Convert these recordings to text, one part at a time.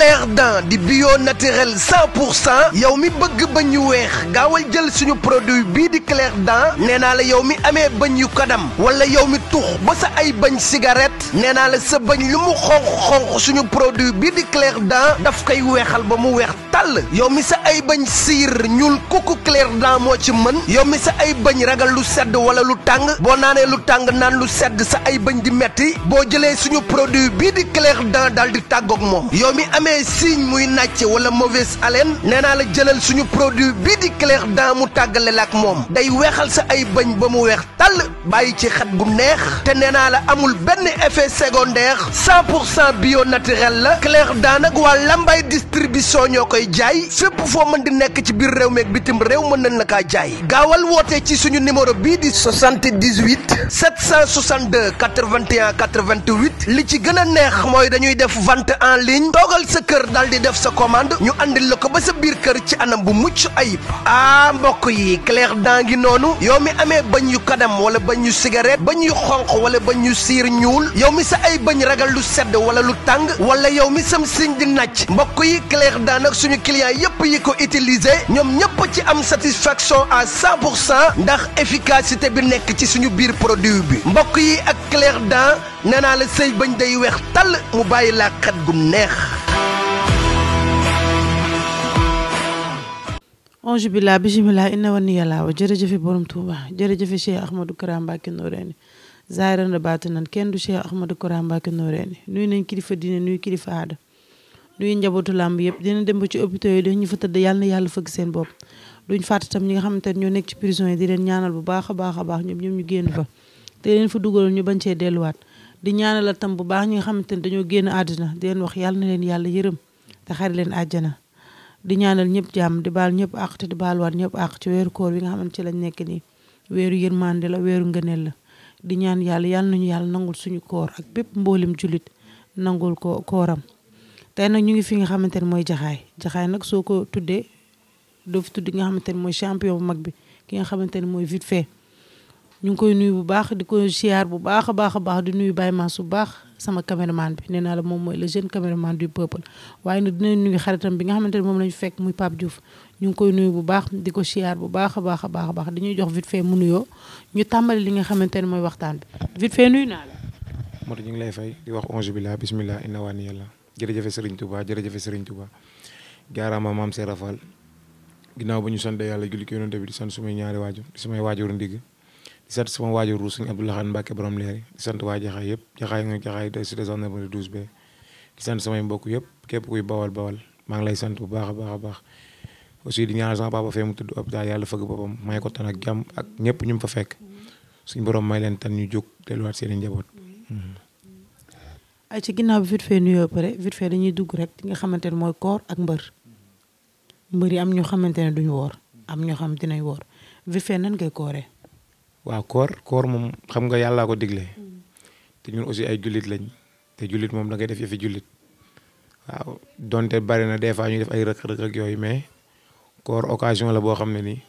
clair d'un di bio naturel 100% yow mi bëgg bañ yu weex gaawal jël suñu produit bi di clair dent néna yomi la yow mi amé bañ yu kadam wala yow mi tux ba sa ay bañ cigarette néna la sa bañ lu mu xonq suñu produit bi di clair dent daf kay wéxal ba mu wéx tal yow mi sa ay bañ sir ñul kuku clair d'un mo ci mën yow mi sa ay bañ ragal lu sedd wala lu tang bo nané lu tang nan lu sedd sa ay bañ di metti bo jëlé suñu produit bi di clair dal di tàggoog mom yow mi amé amee signe muy nàcce wala mauvaise haleine nee la jëlal suñu produit bi di clair dent tagalé lak la day wéxal sa ay bañ ba mu weex bàyyi ci xet gu neex te nee naa la amul benn effet secondaire 100 pour cent bio naturel la clair daanak waa lambay distribution ñoo koy jaay fépp foo mën di nekk ci biir réew meeg bitim réew mën nañ la kaa jaay gaawal wootee ci suñu numéro bii di 78 762 81 88 li ci gën a neex mooy dañuy def vente en ligne toogal sa kër daal di def sa commande ñu andil la ko ba sa biir kër ci anam bu mucc ayib ah mbokk yi clair daa ngi noonu yow mi amee bañ yu kanam wala bañ yu cigarette bañ yu xonq wala bañ yu siir ñuul yow mi sa ay bañ ragal lu sedd wala lu tàng wala yow mi sam siñ di nàcc mbokk yi clair daan ak suñu client yépp yi ko utiliser ñoom ñépp ci am satisfaction à 100 pour cent ndax efficacité bi nekk ci suñu biir produit bi mbokk yi ak clair daan nee naa la sëy bañ day weex tàll mu bàyyi laa xet gum neex ange billah bisimilah inna wa niya laawa jërëjëfe borom Touba jërëjëfe Cheikh Ahmadou Kara Mbacké Noreyni zaahiran baati nan kenn du Cheikh Ahmadou Kara Mbacké Noreyni nuyu nañ kilifa diine nuyu kilifa aada nuyu njabootu làmb yëpp dina dem ba ci hôpitaux yi dañu fa tëdd yàlla yàlla fëgg seen bopp duñ fàtte tam ñi nga xamante ne ñoo nekk ci prison yi di leen ñaanal bu baax a baax baax ñoom ñoom ñu génn fa te leen fa dugaloon ñu bañ cee delluwaat di ñaanal tam bu baax ñi nga xamante ne dañoo génn àddina di leen wax yàlla leen yàlla yërëm te xari leen àjjana di ñaanal ñëpp jàmm di baal ñëpp àq te di baaluwaat ñëpp àq ci weeru koor wi nga xamante ci lañ nekk nii weeru yërmande la weeru ngëneel la di ñaan yàlla yàlla nañu yàlla nangul suñu koor ak bépp mboolim julit nangul ko kooram tey nag ñu ngi fi nga xamante ne mooy jaxaay jaxaay nag soo ko tuddee doo fi tudd nga xamante ne mooy champion bu mag bi ki nga xamante ne mooy vite fait ñu ngi koy nuyu bu baax di ko siyaar bu baax a baax a baax di nuyu Baye Mass bu baax sama caméraman bi nee naa la moom mooy le jeune caméraman du peuple waaye nag dinañ nuyu xaritam bi nga xamante ne moom lañu fekk muy Pape Diouf ñu ngi koy nuyu bu baax di ko siyaar bu baax a baax a baax a baax dañuy jox vite fait mu nuyoo ñu tàmbali li nga xamante ne mooy waxtaan bi vite fait nuyu naa la. Modou ñu ngi lay fay di wax onge bi la bisimilah inna waa ni yàlla jërëjëf Serigne Touba jërëjëf Serigne Touba jaaraama maam Serafal ginnaaw ba ñu sant yàlla julli ko yonent bi di sant sumay ñaari waajur di sumay waajuru ndigg di sant sama waajur ruus suñu Abdou Lahad Mbacke borom di sant waa jaxaay yëpp jaxaay mooy jaxaay de cité zone numéro 12 B di sant samay mbokk yëpp képp kuy bawal bawal maa ngi lay sant bu baax a baax a baax aussi di ñaanal sama papa fee mu tëdd hôpital yàlla fëgg boppam may ko tan ak jàmm ak ñëpp ñu mu fa fekk suñu borom may leen tan ñu jóg delluwaat seen i njaboot. ay ci ginnaaw bi vite fait nuyoo pare vite fait dugg rek li nga xamante ne mooy koor ak mbër mbër yi am ñoo xamante ne duñu woor am ñoo xam dinañ woor vite fait nan ngay kooree. wa koor koor moom xam nga yàllaa ko digle hmm. te ñun aussi ay jullit lañ te jullit moom da ngay def yëfi jullit waaw donte bari na des fois ñu def ay rëq-rëq ak yooyu mais koor occasion la boo xam ne nii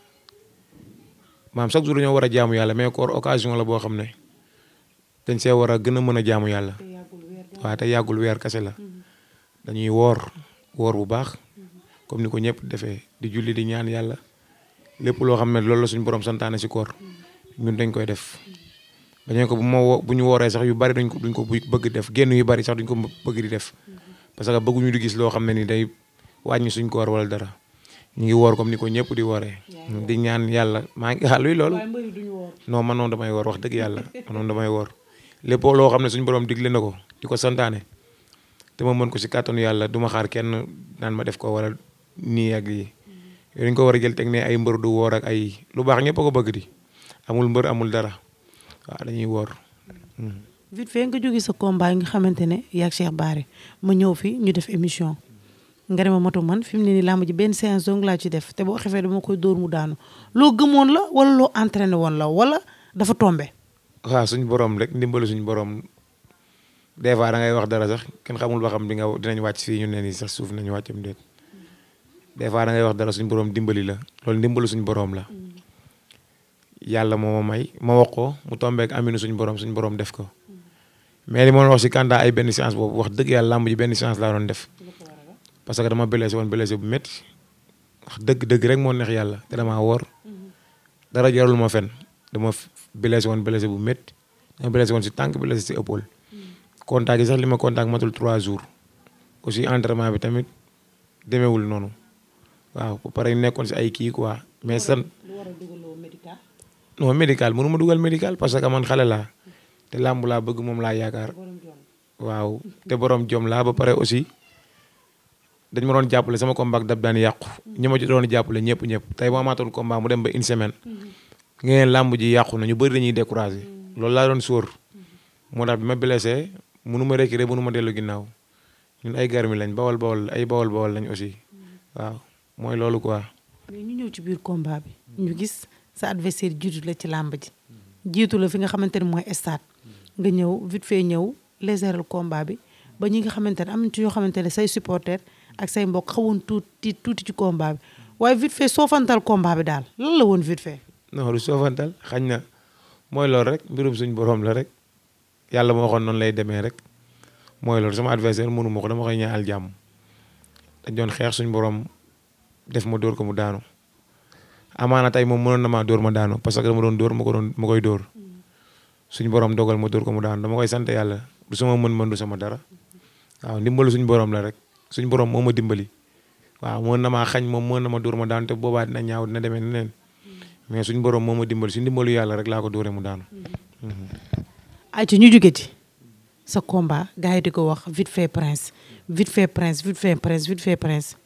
maam chaque jour ñoo war a jaamu yàlla mais koor occasion la boo xam ne dañ see war a gën a mën a jaamu yàlla waaw te yàggul weer kese la hmm. dañuy woor woor bu baax hmm. comme ni ko ñëpp defee di julli di ñaan yàlla lépp loo xam ne loolu la suñu borom santaane si koor ñun dañ koy def dañ ko bu mo bu ñu woré sax yu bari dañ ko duñ ko bëgg def genn yu bari sax duñ ko bëgg di def parce que bëgguñu du gis lo xamné ni day wañu suñ ko war wala dara ñi ngi wor comme ni ko ñepp di woré di ñaan yalla ma ngi xalu ah, lool non man non damay wor wax deug yalla man non damay wor lepp lo xamné suñ borom digle nako diko santané té mo mën ko ci carton yalla duma xaar kenn naan ma def ko wala ni ak yi mm-hmm. yooyu dañ ko wara jël tek ne ay mbeur du wor ak ay lu bax ñepp ko bëgg di amul mbër amul dara waaw dañuy woor. Hmm. vite fait nga jóge sa combat nga xamante ne yaa ak baar Barre ma ñëw fii ñu def émission nga dema matu man fi mu ne nii làmb ji benn séance dong laa ci def te boo xefee dama koy dóor mu daanu loo gëmoon la wala loo entraîné woon la wala dafa tombe waaw suñu boroom rek ndimbali suñu borom des fois da wax dara sax kenn xamul ba xam di nga dinañ wàcc fii ñu ne nii sax suuf nañu wàccam déet des fois da ngay wax dara suñu borom dimbali la loolu suñu borom la. Hmm. yàlla moo ma may ma wax ko mu tombeek aminu suñu borom suñu borom def ko mais li ma wax si Kanda ay benn séance boobu wax dëgg yàlla làmb ji benn séance laa doon def parce que dama blessé woon blessé bu métti dëgg dëgg rek moo neex yàlla te damaa dara jarul ma fen dama blessé woon blessé bu métti dama blessé woon si tànk blessé si épaule contact yi sax li ma contact matul trois jours aussi entraînement bi tamit demewul noonu waaw ba pare nekkoon si ay kii quoi mais san non médical mënuma duggal dugal médical parce que man xalé la té lamb la bëgg mom la yaakar waaw té borom jom la ba pare aussi dañ ma doon jappalé sama combat dab daan yàqu ñi ma doon jappalé ñepp ñepp tay bu amaatul combat mu dem ba une semaine ngeen lamb ji yàqu na ñu bëri dañuy décourager loolu la doon sour mo dal bima blessé mënuma récré reculer mënu ma ñun ay garmi lañ bawal bawal ay bawal bawal lañ aussi waaw moy lolu quoi. mais ñu ñew ci biir combat bi ñu gis. sa adversaire jiitu la ci làmb ji. jiitu la fi nga xamante ne mooy stade. nga ñëw vite fait ñëw léseral combat bi ba ñi nga xamante ne am na ci yoo xamante ne say supporter ak say mbokk xawoon tuuti tuuti ci combat bi waaye vite fait soofantal combat bi daal lan la woon vite fait. non lu soofantal xañ na mooy loolu rek mbirum suñ borom la rek yàlla moo waxoon noonu lay demee rek mooy loolu sama adversaire mënuma ma ko dama koy ñaanal jàmm dañ doon xeex suñ borom def ma dóor ko mu daanu. amaana tay mom mënon na maa ma daanu parce que dama doon ma doon hmm. ma koy borom dogal ma dóor ko mu daan dama koy sante yalla du sama mën-mën du sama dara waaw ah, ndimbalu suñ borom la rek suñ borom moma dimbali waaw mo na ma xañ moom mën na ma dóor ma daanu te boba dina ñaaw dina demee neneen mais hmm. suñ borom moma dimbali suñ dimbalu yalla rek la ko dóoree mu daanu. Hmm. Mhm. ci ñu jóge ci sa combat gaay di ko wax vite fait prince vite fait prince vite fait prince vite fait prince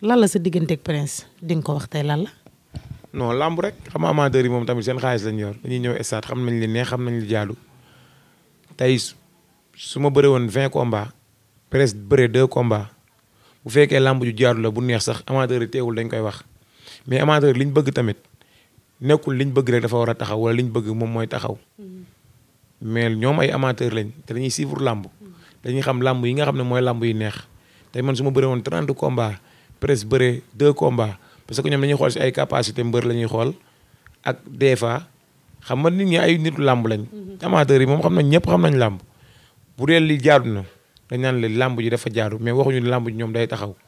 lan la sa prince ding ko wax tay lan la. non làmb rek xam nga amateurs yi moom tamit seen xaalis lañ yor dañuy ñëw stade xam nañ li neex xam nañ li jaadu tey su ma bëree woon vingt combats presque bëree deux combats bu fekkee làmb ju jaadu la bu neex sax amateurs yi teewul dañ koy wax mais amateurs liñ bëgg tamit nekkul liñ bëgg rek dafa war a taxaw wala liñ bëgg moom mooy taxaw mm-hmm. mais ñoom ay amateurs lañ te dañuy suivre làmb mm-hmm. dañuy xam làmb yi nga xam ne mooy làmb yu neex te man su ma bëree woon trente combats presque bëree deux combats. parce que ñom dañuy xol ci ay capacité mbeur lañuy xol ak defa xam nga nit ñi ay nit lamb lañ. Mhm. amateur yi mom xam nañ ñepp xam nañ lamb bu del li jaadu na dañ nan le lamb ji dafa jaadu mais waxuñu làmb ji ñom day taxaw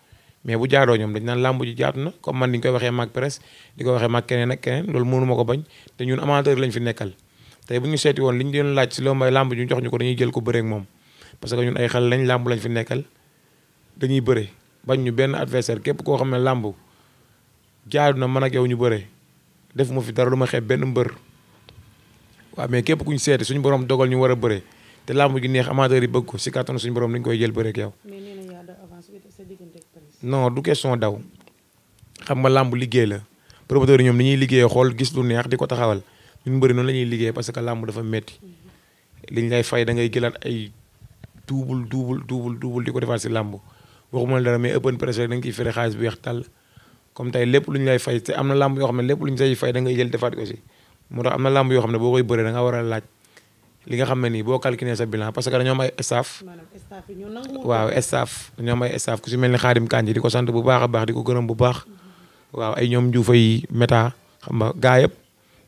mais bu jaado ñom dañ nan lamb ji jaadu na comme man ni koy waxe mak press diko waxe mak mag keneen ak keneen loolu mënu mako bañ te ñun amateur lañ fi nekkal tay bu ñu seeti woon li doon laaj ci lo may lamb ji ñu jox ñuko dañuy jël ko bëre ak mom parce que ñun ay xal lañ lamb lañ fi nekkal dañuy bëre bañ ñu ben adversaire képp ko xam lamb jaadu na man ak yow ñu bëre def ma fi dara duma ma benn mbër waaw mais képp ku ñu seeti suñu borom dogal ñu war a bëre te làmb gi neex amateur yi bëgg ko si kàttanu suñu borom dañ koy jël bëre ak yow. non du question daw xam nga làmb liggéey la promoteur yi ñoom ni ñuy liggéeyee xool gis lu neex di ko taxawal ñun bëri noonu la ñuy liggéey parce que làmb dafa metti mm-hmm. liñ lay fay da ngay gëlaat ay duubul duubul duubul duubul di ko defaat si làmb waxuma la dara mais open press rek da nga fere xaalis bu weex tàll comme tay lepp luñ lay fay té amna lamb yo xamné lepp luñ lépp say fay da nga jël defaat ko ci mo tax amna lamb yo xamné bokoy ne da nga wara laaj li nga xamné ni bo calculer sa bilan parce que ñom ay staff. waaw staff dañoo ay staff ku ci melni khadim Kanji di sante bu baaxa baax diko gëreum bu baax waaw ay ñoom fay méta xam nga gaa yëpp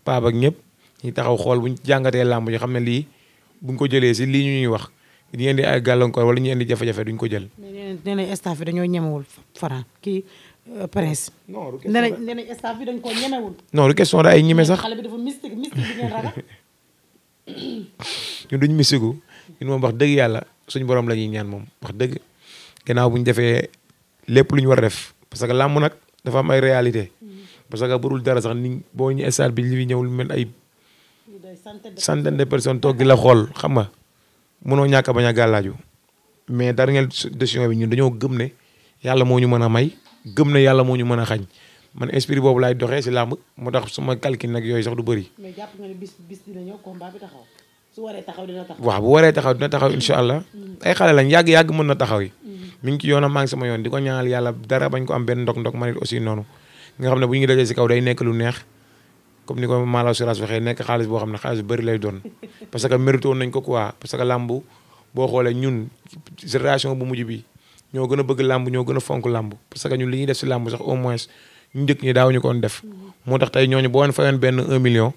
paab ak ñëpp ñi taxaw xol buñ jàngatee lamb yi xamné li buñ ko jëlé ci li ñu ñuy wax ñu ay gàllankoor wala ñi indi jafé jafé duñ ko jël. mais nee staff dañoo ñemewul Franc prince. non du question ay ñeme sax xale bi dafa mystique mystique bi ngeen duñ mystique ñun moom wax dëgg yàlla suñu borom la ñuy ñaan moom wax dëgg gannaaw bu ñu defee lépp lu ñu war a def parce que làmb nag dafa am ay réalité parce que burul dara sax ni boo ñu staff bi li fi ñëwul mel ay. centaine de personnes la xool xam nga mënoo ñàkk bañ a gàllaaju mais dara ngeen bi ñun dañoo gëm ne yàlla moo ñu mën a may. gëm na yalla moo ñu mën xañ man esprit bobu lay doxé ci lamb mo tax suma calcul nak yoy sax du bëri. mais japp nga ni bis bis dina ñëw combat bi taxaw su waré taxaw dina taxaw. waaw bu waré taxaw dina taxaw inshallah mm. ay xalé lañ yag yag mëna taxaw yi. Mm. mi ngi ci yoonam mang sama yoon diko ñaanal yalla dara bañ ko am ben ndok-ndok manit aussi nonu nga xamne bu ñu dajé ci kaw day nekk lu neex comme niko Malaw siras waxé nekk xaaliss bo xamne xaaliss bari lay doon parce que mérito nañ ko quoi parce que lamb bo xolé ñun génération bu mujj bi ñoo gëna bëgg lamb ñoo gëna fonk lamb parce que ñu li ñi def ci lamb sax au moins ñu dëkk ñi daaw ñu koon def moo tax tey ñooñu boo fa fayoon ben 1 million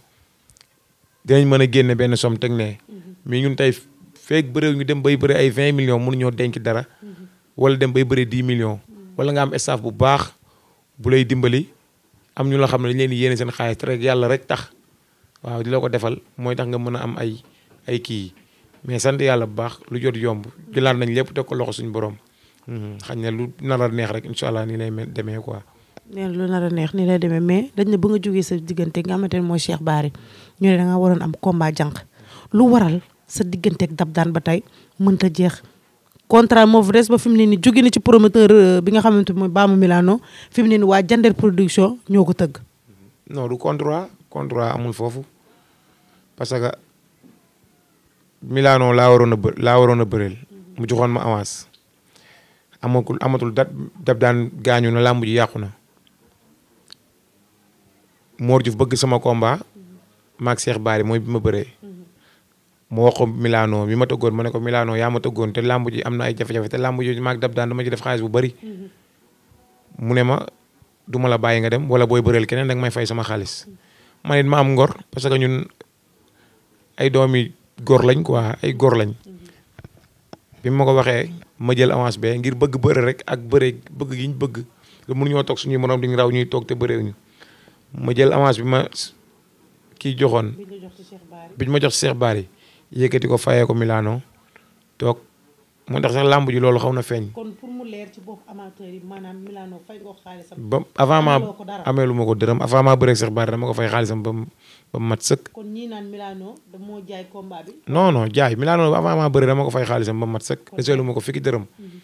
dinañ mëna a génne benn somme teg ne mais ñun tay fek bëre ñu dem bay bëre ay 20 million mënu ñoo denc dara wala dem bay bëre 10 million wala nga am staff bu baax bu lay dimbali am ñu la xam ne dañ leen yéene seen xaalis rek yalla rek tax waaw di la ko defal mooy tax nga mën a am ay ay kii mais sant yàlla bu baax lu jot yomb jëlaat nañ lépp teg ko loxo suñu borom xañ na lu nar a neex rek incha allah nii lay demee quoi. nee neex nii lay demee mais dañ ne ba nga jógee sa diggante nga xamante ne mooy Cheikh Barre ñu ne da waroon am combat jànq lu waral sa digganteeg dab daan ba tey mënta jeex. contrat moo des ba fi mu ne nii jóge na ci promoteur euh, bi nga xamante ne mooy Baamu Milano fi mu ne nii waa Jander production ñoo ko tëgg. non contrat contrat amul foofu parce que Milano laa waroon a bë laa waroon a bëreel mu joxoon ma avance. amatul amatul dat dab daan gaañu na làmb ji yàqu na Mor Diouf bëgg sama komba maag Cheikh baari mooy bi ma bëree mu mhm. wax milaanoo Milano bi ma tëggoon ma ne ko Milano yaa ma tëggoon te làmb ji am na ay jafe-jafe te làmb ji dab daan dama ci def xaalis bu bëri mhm. mu ne ma duma la bàyyi nga dem wala booy bëreel keneen danga may fay sama xaalis mhm. man it ma am ngor parce que ñun ay doomi góor lañ ko ay góor lañ. bima ko waxe ma jël avance be ngir bëgg bëre rek ak bëre bëgg giñ bëgg bëgg mënu mënuñoo tok suñu morom di ñu ñuy tok te bëre ñu ma jël avance bima ki kii biñ ma jox ci Cheikh bari yëkëti ko fayé ko Milano tok mo tax sax lamb ji lolu xawna feñ kon pour mu leer ci bop amateur yi manam Milano fay ko xaalisam. ba avant ma amé lu mako deureum avant ma bëre Cheikh bari dama ko fay xaalisam ba ba mat sëkk. kon ñii naan Milano moo jaay combat bi. non non jaay Milano avant maa bëri dama ko fay xaalisam ba mat sëkk. deseelu ma ko fiki dërëm. Mhm.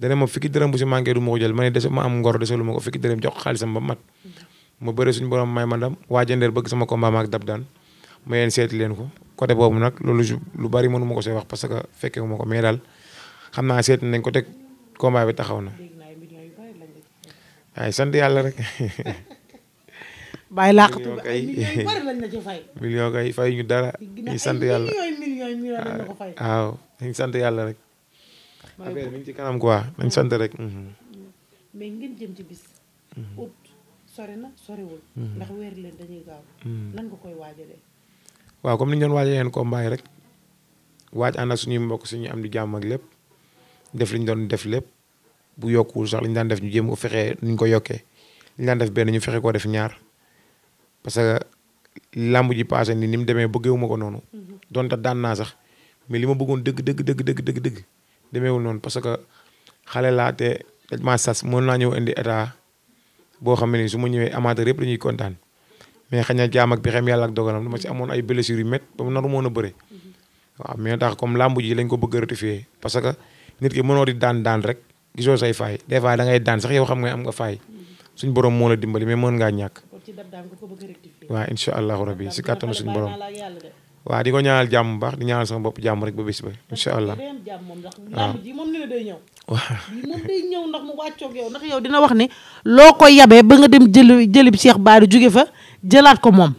dana ma fiki dërëm bu si manqué du ma ko jël ma ne dese ma am ngor deseelu ma ko fiki dërëm jox ko xaalisam ba mat. Mhm. ma bëri suñu borom may ma ndam waa Jandeer bëgg sama combat ma ak dab daan ma yéen seeti leen ko côté boobu nag loolu lu bari mënu ma ko see wax parce que fekke ma ko mais daal xam naa seet nañ ko teg combat bi taxaw na. ay sant yàlla rek bàyyi laaxatu fay. million kay fay ñu dara. ñu sant yàlla ah, waaw nañ sant yàlla rek. affaire mi kanam quoi sant rek. Mhm. mais ngeen jëm ci bis. Mhm. Mhm. leen dañuy gaaw. waaw comme ni doon waajalee yeneen combat yi rek waaj ànd suñuy mbokk suñu am di jàmm lépp def li doon def lépp bu yokkuwul sax li daan def ñu jéem ko fexe ni ko yokkee ñu daan def benn ñu fexe koo def ñaar. parce que làmb ji passé ni ni mu demee bëggeewu ma ko noonu. donte daan naa sax mais li ma bëggoon dëgg dëgg dëgg dëgg dëgg dëgg demeewul noonu parce que xale laa te dañ maa sas mën naa ñëw indi état boo xam su ma ñëwee amateur yëpp dañuy kontaan mais xëy na jaam ak bi xam yàlla ak dogalam dama ci amoon ay blessures yu métti ba mu naru moon a bëre. waaw mais tax comme làmb ji lañ ko bëgg a parce que nit ki mënoo di daan daan rek gisoo say faay des fois da ngay daan sax yow xam nga am nga faay suñ borom moo a dimbali mais mën ngaa ñàkk. waaw incha Allah rabi si kàttanu suñu borom. waaw di ko ñaanal di ñaanal sama bopp bis ba allah. waaw moom day ñëw ndax mu wàccoog yow ndax yow dina wax ne loo koy yabee ba nga dem jëli jëlib Cheikh Bara jóge fa jëlaat ko moom.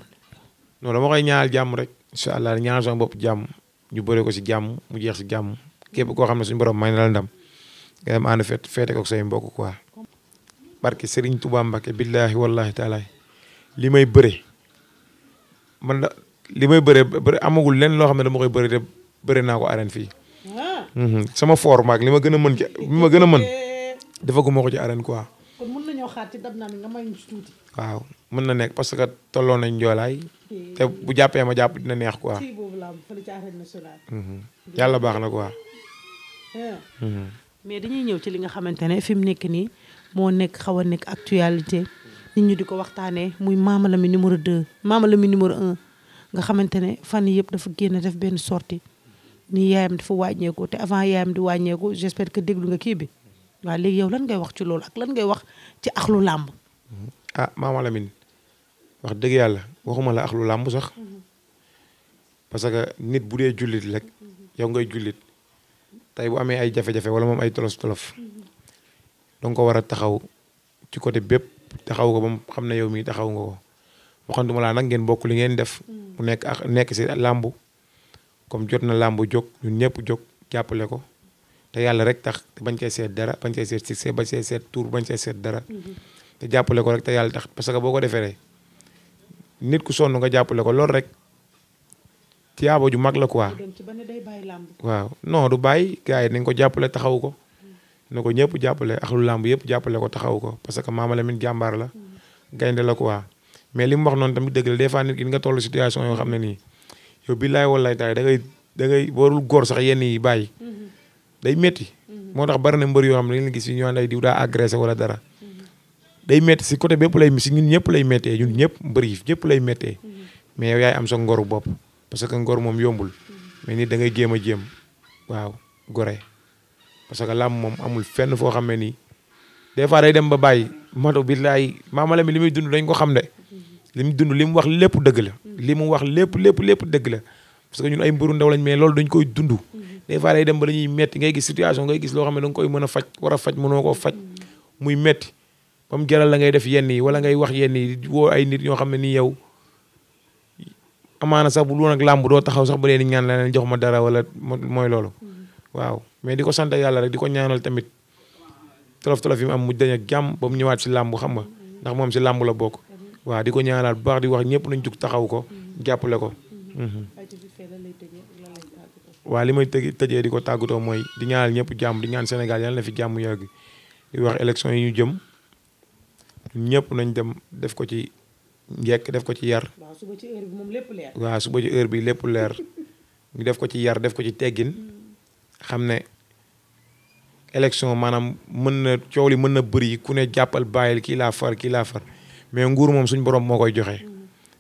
non dama koy ñaanal rek allah ñaanal sama bopp jàmm ñu bëre ko si jàmm mu jeex si jàmm képp koo xam suñu borom may na la ndam nga dem ànd feete feete ko say mbokk quoi. barke Serigne Touba billahi wallahi limay may man da li may bëre amagul lenn lo xam dama koy bëre te bëre naa ko arène hmm sama for maag li gëna mën li ma gën mën defaguma ko moko ci arène quoi. kon mën nañu xaar ci dab naa nga may ñu tuti waaw mën na nek parce que tolo na njoolaay. Eh. te bu jappé ma japp dina neex quoi. ci bobu la fa ci arène nationale. Mhm. yalla bax na quoi. hmm mais dañuy ñëw ci li nga xamantene fim fi mu nekk nii moo nek xaw a actualité. nit ñi di ko waxtaanee muy Mama Lamine numéro 2 Mama Lamine numéro 1 nga xamante ne fan yii yëpp dafa génn def benn sortie ni yaayam dafa wàññeeku te avant yaayam di wàññeeku j'espère que déglu nga kii bi waa léegi yow lan ngay wax ci loolu ak lan ngay wax ci axlu làmb. Mm-hmm. ah Mama wax dëgg yàlla waxuma la axlu làmb sax mm-hmm. parce que nit bu dee jullit rek mm-hmm. yow ngay jullit tey bu amee ay jafe-jafe wala moom ay tolof tolof danga ko war a taxaw ci côté bépp. te xaw ko ba xam ne yow mii taxaw nga ko waxantuma laa nag ngeen bokk li ngeen def. bu mm. nekk ak nekk si làmb comme jot na làmb jóg ñun ñëpp jóg jàppale ko te yàlla rek tax te bañ cee seet dara bañ cee seet succès bañ see seet tour bañ see seet dara. Mm-hmm. te jàppale ko rek te yàlla tax parce que boo ko defee nit ku sonn nga jàppale ko loolu rek tiyaabo ju mag la quoi. waaw non du bàyyi gars yi nañ ko jàppale taxaw ko. na ko ñëpp jàppale ak lu làmb yëpp jàppale ko taxaw ko parce que Mama Lamine jambar la gaynde la quoi mais lim wax non tamit deug la des fois nit ki nga tollu situation yo xam ni yo billahi wallahi wallaay taay da ngay da ngay warul góor sax yenn yi bàyyi day metti motax barna mbeur yo mbër yoo xam ne dañ gis ñoo nday diw da agresser wala dara day metti ci côté bépp lay mi ci ñun ñëpp lay metté ñun ñëpp mbeur yi ñëpp lay metté mais yow yaay am sa ngoru bop parce que ngor mom yombul mais nit da ngay jema a waaw gore parce que làmb mom amul fenn fo xamé ni des fois day dem ba bay mato billahi maamala mi li muy dund dañ ko xam de limi dund li wax lépp dëgg la li wax lépp lépp lépp dëgg la parce que ñun ay mburu ndaw lañ mais loolu dañ koy dund des fois day dem ba lañuy metti ngay gis situation ngay gis lo xamé ne da koy mëna fajj wara fajj a ko fajj muy metti bam mu jaral la ngay def yenn yi wala ngay wax yenn yi wo ay nit ñoo xam ni yow amana sax bu lu nak lamb do taxaw sax ba leen ñaan leen jox dara wala moy waaw mais di ko sant yàlla rek di ko ñaanal tamit tolof tolof yi mu am mu dañ ak jàmm ba mu ñëwaat si làmb xam nga ndax moom si làmb la bokk waaw di ko ñaanal bu baax di wax ñëpp nañ jug taxaw ko jàppale ko. Mhm. waaw li may tëj tëjee di ko tàggatoo mooy di ñaanal ñëpp jàmm di ñaan Sénégal yàlla na fi jàmm yàgg di wax élection yi ñu jëm ñëpp nañ dem def ko ci njekk def ko ci yar. waaw suba ci heure bi lépp leer. waaw lépp leer ñu def ko ci yar def ko ci teggin mm. xam ne. élection manam mën na ciowli li mën na bëri ku ne jàppal bàyyil kii laa far ki la far mais nguur mom suñ borom mokoy koy joxe mm.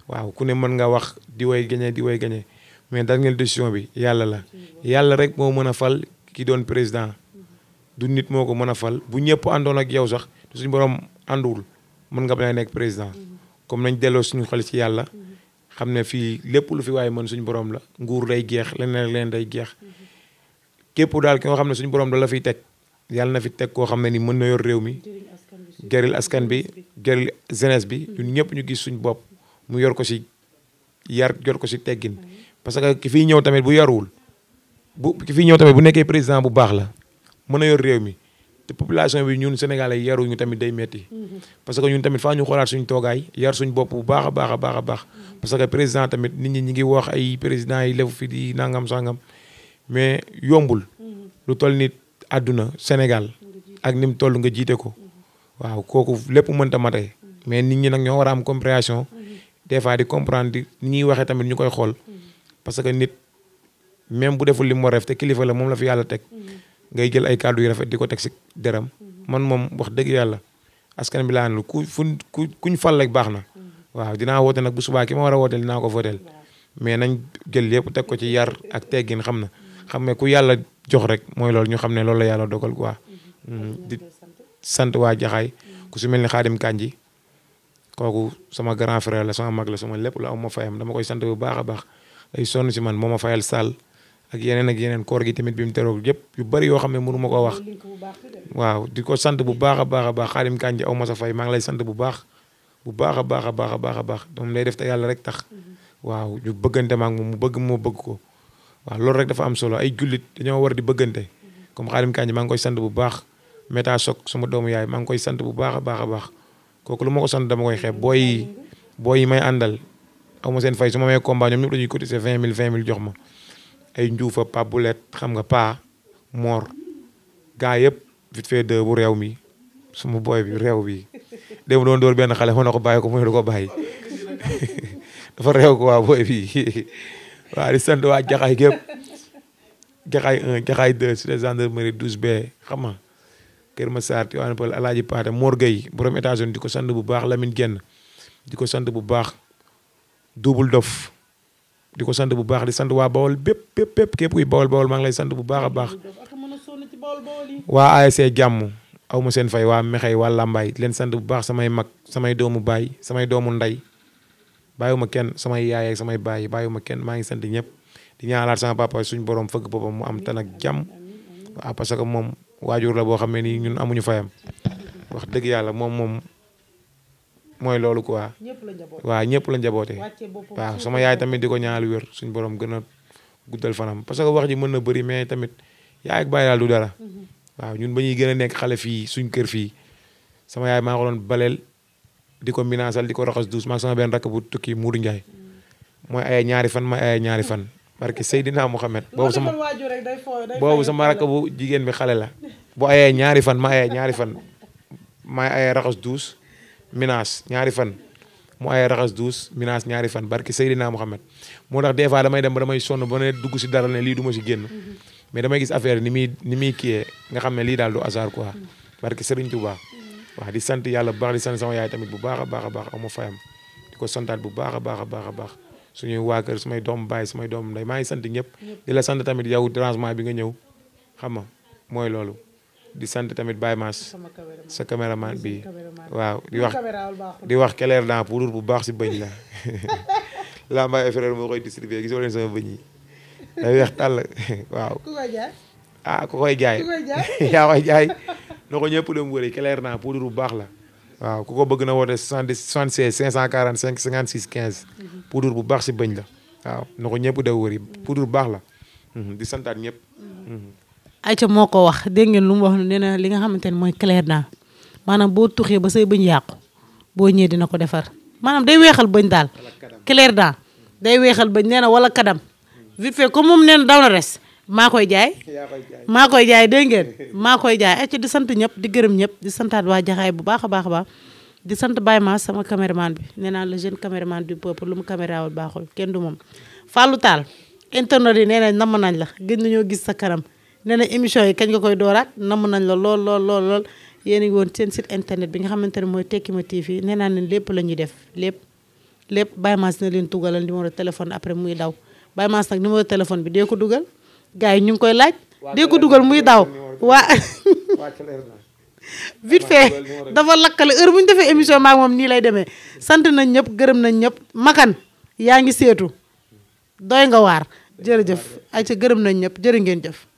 waaw ku ne mën nga wax di way gañe di way gañe mais ngeen décision bi yalla la yalla rek mo mën fal ki doon président du nit moko ko fal bu ñepp andon ak yow sax suñ borom ànduwul mën nga bañ nek président mm-hmm. comme nañ délo suñu xel ci yalla mm-hmm. xam fi lepp lu fi way mën suñ borom la nguur day jeex leneen leneen day jeex mm-hmm. képp daal ki nga xam ne suñu borom da la fiy teg yàlla na fi teg ko xamné ni mën na yor réew mi geril askan bi geril jeunesse bi ñun ñep ñu gis suñ bopp mu yor ko ci yar yor ko ci teggine parce que ki fiy ñëw tamit bu yorul bu ki fiy ñëw tamit bu nekké président bu baax la mën na yor réew mi te population bi ñun sénégalais yaru ñu tamit day metti parce que ñun tamit fa ñu xoolaat suñ togaay yar suñ bopp bu baaxa baaxa baaxa baax parce que président tamit nit ñi ñi ngi wax ay président yi lefu fi di nangam sangam mais yombul lu toll nit àdduna Sénégal ak ni mu toll nga jiite ko waaw kooku lépp mënta matee mais nit ñi nag ñoo war a am compréhension des fois di comprendre di ñuy waxee tamit ñu koy xool parce que nit même bu deful li mu war te kilifa la moom la fi yàlla teg ngay jël ay kàddu yu rafet di ko teg si deram man moom wax dëgg yàlla askan bi laa ku fu ku kuñ fal rek baax na waaw dinaa woote nag bu subaa ki ma war a wooteel dinaa ko footeel mais nañ jël yëpp teg ko ci yar ak jox rek mooy loolu ñu xam ne loolu la yàlla dogal quoi. Mm-hmm. Mm-hmm. di sant waa jaxaay mm-hmm. ku si mel ni xaadim kànji kooku sama grand frère la sama mag la sama lépp la aw ma fayam dama koy sant bu baax a baax ay sonn si man moo ma fayal sàll ak yeneen ak yeneen koor gi tamit bi mu teroog yëpp yu bëri yoo xam ne mënu ma wax waaw di ko sant bu baax a baax a baax xaadim kanji aw ma sa fay maa lay sant bu baax bu baax a baax a baax a baax a baax moom day def te yàlla rek tax waaw ñu bëggante maag moom mu bëgg moo bëgg ko waaw loolu rek dafa am solo ay jullit dañoo war di bëggante comme xaalim kanji maa ngi koy sant bu baax méta soc sama doomu yaay maa ngi koy sant bu baax a baax a baax kooku lu ma ko sant dama koy xeeb booy booy may àndal a ma seen fay su ma may combat ñoom ñëpp dañuy cotiser vingt mille vingt mille jox ma ay njuufa pa bulet xam nga pa moor gaa yëpp vite fait de bu réew mi suma booy bi réew bi dem doon dóor benn xale mën na ko bàyyi ko moo ne du ko bàyyi dafa réew ko waa booy bi waaw di sant waa jaxaay gépp jaxaay 1 jaxaay 2 cité gendarmerie 12 b xam nga Kër Massar Tivaouane Peulh Alaaji Paate Mor Gueye borom États-Unis di ko sant bu baax Lamine Genn di ko sant bu baax Double Dof di ko sant bu baax di sant waa Bawol bépp bépp bépp képp kuy Bawol Bawol maa ngi lay sant bu baax a baax waa ASC jàmm aw ma seen fay waa Mexey waa Lambaay di leen sant bu baax samay mag samay doomu baay samay doomu nday ma ken sama yaay ak samay bayu ma ken ma ngi sant ñep di ñaanal sama papa suñ borom fëgg papa mu am tan ak jàmm waaw parce que mom wajur la bo xamé ni ñun amuñu fayam wax deug yalla mom mom moy lolu quoi wa ñëpp la njaboté wa sama yaay tamit diko ñaanal wër suñ borom gëna guddal fanam parce que wax ji mëna bëri mais tamit yaay ak bàyyi dal du dara mhm. wa ñun bañuy gëna nek xalé fi suñ kër fi sama yaay ma ko doon di ko minaasal di ko raxas duus maag sama benn rakk bu tukki Mourou Ndiaye mooy ay ñaari fan ma ay ñaari fan barke Seydina Mohamed boobu sama boobu sama rakk bu jigéen bi xale la bu ayee ñaari fan ma ayee ñaari fan ma ayee raxas duus minaas ñaari fan mu ayee raxas duus minaas ñaari fan barke Seydina Mohamed moo tax des fois damay dem ba damay sonn ba ne dugg si dara ne lii duma ma si génn mm-hmm. mais damay gis affaire ni muy ni muy kiyee nga xam ne lii daal du hasard quoi mm-hmm. barke Serigne Touba wax di sant yalla bu baax di sant sama yaay tamit bu baax a baax a baax aw fayam diko santat bu baax a baax baax baax suñuy wa keur sumay dom baay sumay dom nday may sant di la sant tamit yow dérangement bi nga ñew xam nga mooy di sant tamit Baye Mass sa cameraman bi waaw di wax ya, di wax clair dans pour bu baax si bañ la Lambaye frère mo koy distribuer gis leen sama bañ yi day weex tal waaw ku koy jaay ah ku koy jaay ya koy jaay na ko ñëpp dem wëri clair na poudre bu baax la waaw ku ko bëgg na woote 76 545 56 15 poudre bu baax si bëñ la waaw na ko ñëpp dem wëri poudre bu baax la mhm, di santaat ñëpp mhm. mhm. ayca moo ko wax dégg ngeen lu mu wax nee na li nga xamante ne mooy clair na maanaam boo tuxee ba say bëñ yàqu boo ñëwee dina ko defar maanaam day weexal bëñ daal clair na day weexal bëñ nee na wala kadam vite fait comme moom nee na daw na res maa koy jaay maa koy jaay dégg ngeen maa koy jaay acca di sant ñëpp di gërëm ñëpp di santaat waa jaxaay bu baax a baax a baax di sant Baye Mass sama caméraman bi nee naa le jeune caméraman du peuple lu mu camérawul baaxul kenn du moom Fallou Tall internet yi nee nañ namm nañ la gën nañoo gis sa kanam nee na émission yi kañ nga koy dooraat namm nañ la lool lool lool lool yéen woon seen site internet bi nga xamante ne mooy Tekki ma TV nee naa leen lépp la ñuy def lépp lépp Baye Mass na leen tugalal numéro téléphone après muy daw Baye Mass nag numéro téléphone bi dee ko dugal gars yi ñu ngi koy laaj. dee ko dugal muy daw waa. vite fait dafa lakkale heure bu defee émission maa moom nii lay demee sant nañ ñëpp gërëm nañ ñëpp makan yaa ngi seetu doy nga waar jërëjëf ay ca gërëm nañ ñëpp jërë ngeen jëf